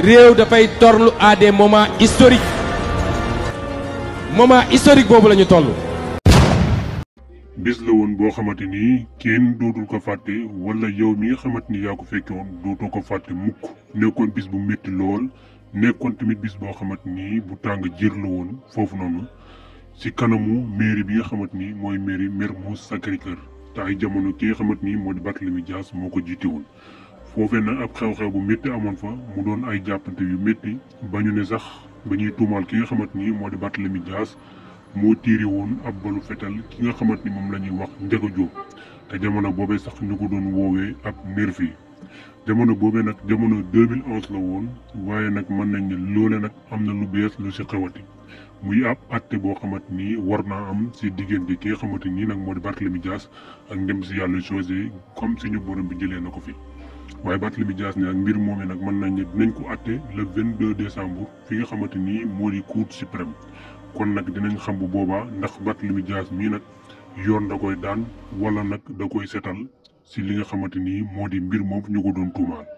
réew dafay torlu à des moments historiques moment historique boobu la toll. bis la woon boo xamante ni kenn dootul ko fàtte wala yow mi nga xamante ni yaa ko fekke woon dootoo ko fàtte mukk nekkoon bis bu métti lool nekkoon tamit bis boo xamante ni bu tàng jër la woon foofu noonu ci kanamu mairie bi nga xamante ni mooy mairie Mermoz Sacré-Cœur te ay jamono ki nga xamante ni moo di Barthélémy Dias moo ko jiite woon. foofee nag ab xew-xew bu métti amoon fa mu doon ay jàppante yu métti ba ñu ne sax ba ñuy tuumaal ki nga xamante ni moo di Barthélémy Dias moo tiiri woon ab balu fetal ki nga xamante ni moom la ñuy wax Ndiaga Diop te jamono boobee sax ñu ko doon woowee ab nervi jamono boobee nag jamono 2011 la woon waaye nag mën nañ ne loole nag am na lu bees lu si xewati muy ab atte boo xamante nii war naa am si diggante ki nga xamante ni nag moo di Barthélémy Dias ak ndem si yàlla chose comme suñu borom bi jëlee na ko fi. waaye Barthélémy Dias ne ak mbir moom moome nag mën nañ ne dinañ ko àtte le 22 décembre fi nga xamante nii moo di Cour suprême kon nag dinañ xam bu boobaa ndax Barthélémy Dias mii nag yoon da koy daan wala nag da koy setal si li nga xamante ni moo di mbir moom ñu ko doon tuumaal.